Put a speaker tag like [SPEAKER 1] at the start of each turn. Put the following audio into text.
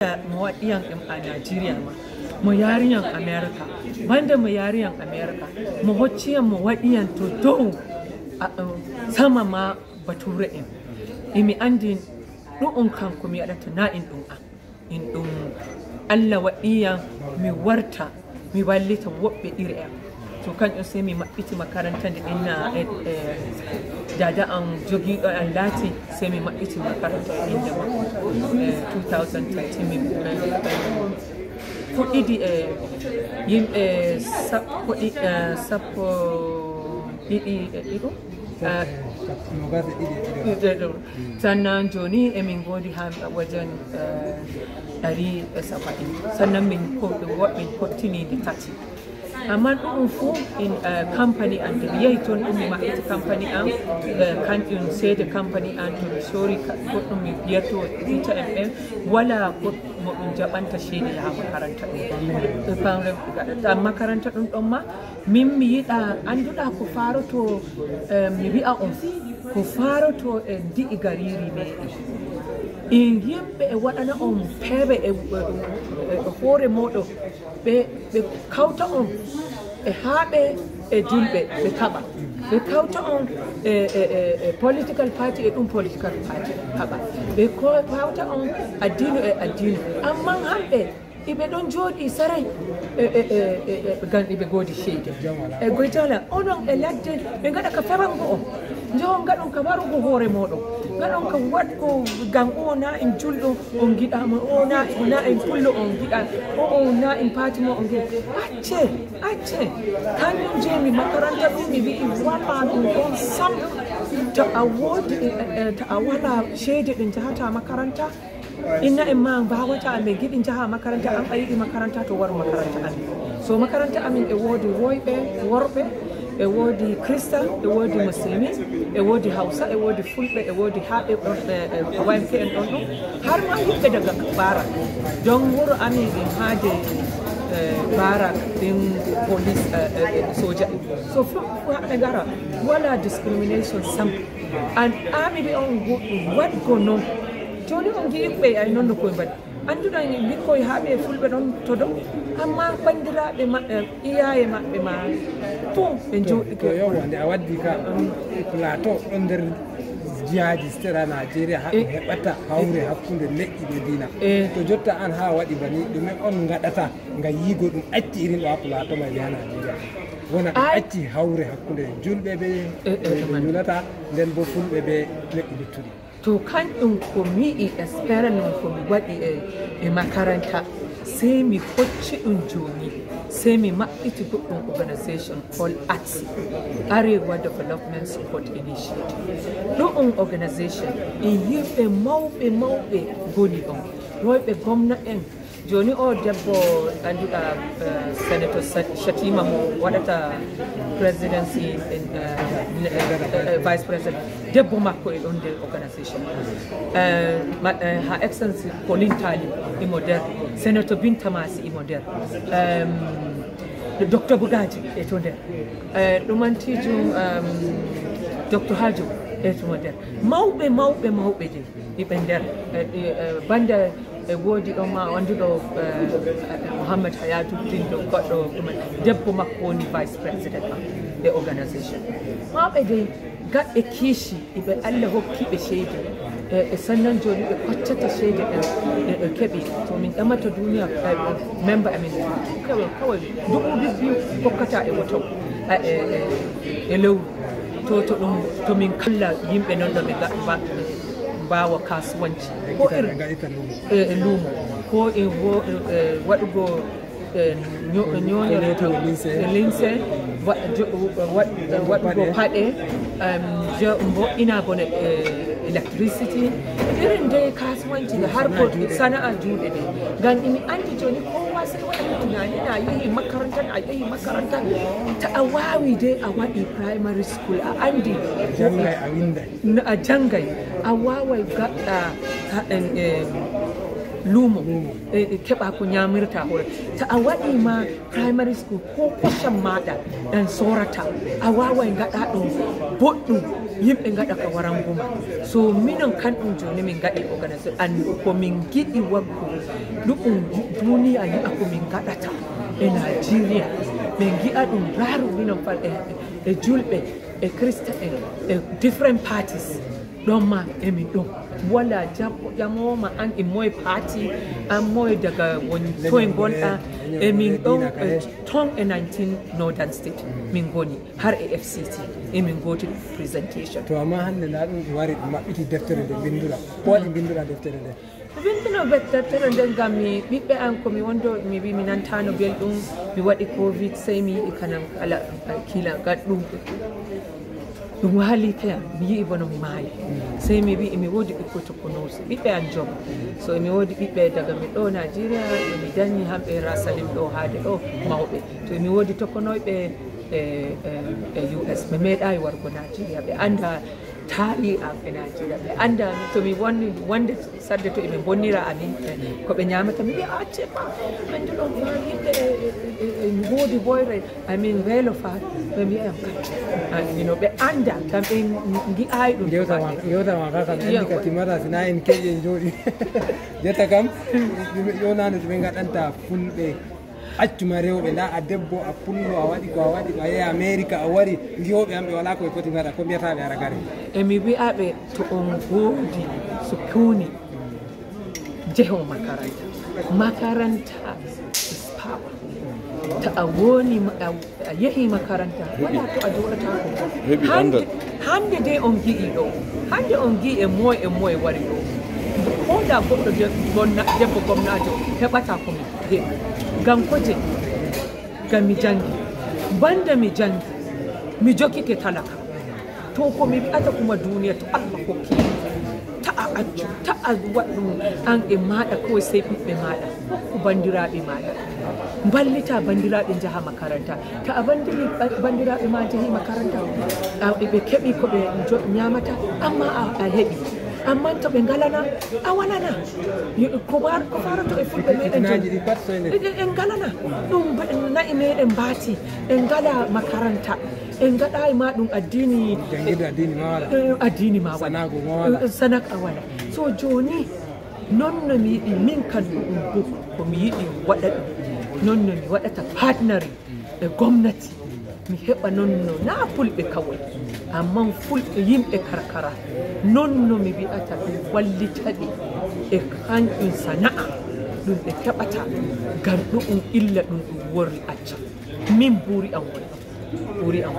[SPEAKER 1] da mawaɗiyan a Najeriya ma mu yariyan Amerika banda mu yariyan Amerika mu wacciyan mu waɗiyan to do sama ma bature in imi andi ɗu'un kan kuma yaɗa to na in ɗum a in ɗum Allah waɗiyan mi warta mi wallita woɓɓe ɗir'a to kan sai mi maɓɓiti makarantar da ina eh, eh, dada am jogiiɗo am laati sey mi maɓɓiti makaranta inde ma 2013 min fuɗɗiɗi e, e yimɓe sappo ɗi e, sappo ɗiɗi e ɗiɗo ah, ɗeɗo e hmm. tan nan jooni emin ngoodi haa mi wajan ɗari e sappa ɗi san nan min woɓɓe kottiniide tati amman ɗuɗum fou in eh, campagne an de mi yehi toon ɗum mi maɓɓiti campagne an eh, kanƴum seede campagne an to mi sori goɗɗum mi biyato ita mm wala goɗɗumo ɗum jaɓanta ceede yaha makaranta ɗum epanrgaɗata makaranta ɗum ɗon ma min mi yiɗa annduɗa ko faroto eh, mi wi'a on ko faroto e di'i gariri meɗen in yimɓe e waɗana on peewe e, e, e, e hoore moɗo ɓe ɓe kawta on ehabe edimbe bekhaba bekhawuta on e, e, e, political party eɗum political party haɓa ɓe kawta on addino e addino amma hamɓe iɓe ɗon jooɗi saray ganɗiɓe goodi sheyde e goytala onon e ladde ɓe ngaɗa ka farango o njon gaɗon ka warugo hoore moɗon gaɗon ka waɗgo gan o na en julɗo on giɗama o na en pullo on giɗa o o na en paati mo on giɗa acce acce kañum jeemi makaranta ɗum mi wii wala ɗum on sam to a woodi e, e, to a wala ceede ɗe jahata makaranta inna en ma mbawata amin giɗi jaha makaranta am a yiɗi makaranta to waru makaranta amin so makaranta amin e woodi woyɓe worɓe ewodi Christian ewodi musulmi ewodi hausa ewodi fulɓe ewodi haɓe ɗonɓe wayfe en ɗon ɗum har ma yimɓe daga bara donc wuro amin ɗin haaje eh, barak ɗin police eh, eh, soja ɗin so got haɓe gara wala discrimination sam an amiɗe on goɗɗum waɗgo noon joni on gi yimɓe I know no koye annduɗa en ɓikkoye haaɓe e fulɓe ɗon to dow amma banndiraaɓe maɓɓe iyaye maɓɓe ma ton ɓe jooɗike yowa nde a waddi ka plateau ɗon nder jihaji sera nigéria haɓe heɓata hawre hakkunde leƴƴi ɓe dina to jotta an ha waɗi bani ɗumen on gaɗata ngam yigo ɗum acci irin ɗo ha plateau may ɓe ha nigéria wona ɗum acci hawre hakkunde julɓe ɓe ɓe julata nden bo fulɓe ɓe leƴƴi luttuɗi to kan in komi in experiment komi gwaɗi e makaranta sai mi kocci in joni sai mi maɓɓiti kuɗin organization called arts arewa development support initiative no un organization e yimɓe mawɓe mawɓe goni roi be gomna en joni o debbo ganduɗa uh, senator Shatima, mo waɗata uh, presidency uh, vice président debbo makko e ɗon nder organisation ha excellency colin talib imo nder sénato bintamasi imo nder um, docteur bourgaji e to nder ɗumantijo um, docteur hajo e to nder mawɓe mawɓe mawɓe de iɓe nder bande e eh, woodi ɗon ma wanduɗo eh, mouhammad hayatu tinɗo goɗɗo ɗum debbo makko woni vice président ma e organisation maɓe de gaɓɓe kiishi iɓe allah hokkiɓe ceede eh, e sannan joni ɓe koccata ceede ɗen ɗeɗo keeɓi to min ɗamata duniya membre amin kawai kawai duɓuɓi bi hokkata e woto e, e, e lewru to to ɗum to min kalla yimɓe noon ɗo ɓe gaɓɓe ba wa kasuwanci ko irin eh, eh, lumo ko in waɗugo linse waɗugo faɗe ina bane eh, electricity irin dai kasuwanci da harkar sana'ar jude ne gan in an ni kowa sai wani tunani na yi makarantar a yi makarantar ta awawi dai a wadi primary school a andi a jangai a wawai lumo taɓa eh, eh, ku nyamirta hore ta a waɗi ma primary school ko kwashan mata ɗan sorata a wawai gaɗa ɗum boɗɗum yimɓe gaɗa ka waran guma so minon kan ɗum joni min gaɗi organisation an min giɗi waggo ɗuɗum duniya yi'a min gaɗata e nigeria min gi'a ɗum raru minon fal e, e, e julɓe e christa en e different parties ɗoma emi ɗo wala jaɓɓo ƴamoma an e moye paati an moye daga woni toye gonɗa e min ɗon ton e 19 northern state mm. min goni har e eh, fct emin eh, goti présentation to amma hannde na ɗum ɗi wari ɗi maɓɓiti deftere nde binndura ko waɗi binndura deftere nde windino deftere nden ngam mi ɓiɓɓe an mi wondo mi wi mi nantano belɗum mi waɗi covid sey mi yiɗi kanam kala kila gaɗɗum ɗum haali kam mi yii bono mi maaya sey mi wi emi woodi ɓikkoy tokkonosi ɓiɓɓe an so emi woodi ɓiɓɓe daga mi ɗo nigeria emi dañi hamɓe rasalim ɗo haade ɗo mawɓe to emi woodi tokkonoyɓe e eh, eh, eh, us mi meeɗayi wargo nigéria ɓe annda ta ɗi arɓe nigeria mi tomi wonde sadde to eɓe bonnira amin ko ɓe ñamata mi ɓe I andi ɗon fa yimɓe en goodi boyre amin weelo fa ɓe mbiyam ino ɓe anda tan ɓe gi'ayi ɗum yewtama ka kam andi ka timmata sina en keƴe jooɗi jetta kam yonano to ɓe gaɗanta fulɓe haccuma rewɓe nda a debbo a pullo a waɗi ko a waɗi a yehi amérique a wari giyoɓe am wala koye poti gaɗa ko mbiyataɓe ara gare emi wiyaɓe to on goodi so pewni jeeho makaranta makaranta is ta a woni a yehi makaranta wala to a joɗatako hande de on gi'i ɗo hande on gi'i e moy e moy wari ɗo ko goɗɗo debbo gomnajo heɓata komi heɓi gankote ga mijangi banda mijangi mijo ke talaka to ko mi ata kuma duniya to Allah ko ke ta a ajju ta a wadun an e mada ko sai bibbe mada ku bandirabe mada ballita bandirabe jaha makaranta ta a bandiri bandirabe ma jaha makaranta a be kebi ko be nyamata amma a hebi to ɓe ngalana a walana ko farato e fulɓe meɗen en ngalana ɗum na'i meɗen mbaati en ngala makaranta en gaɗayi ma ɗum addini addini ma wala e, e, sanak a wala so joni non no mi yiɗi min kan ɗum bo ko mi yiɗi waɗa ɗum non no mi waɗata partnering e gomnati mi heɓa nonno na fulɓe kawai amma fulɓe yimɓe karkara non no mi wi'ata ɗum wallitaɗi e kanƴum sana'a ɗum ɓe keɓata ngam ɗuɗum illa ɗum ɗum worri acca min buuri an woni ɗon buuri am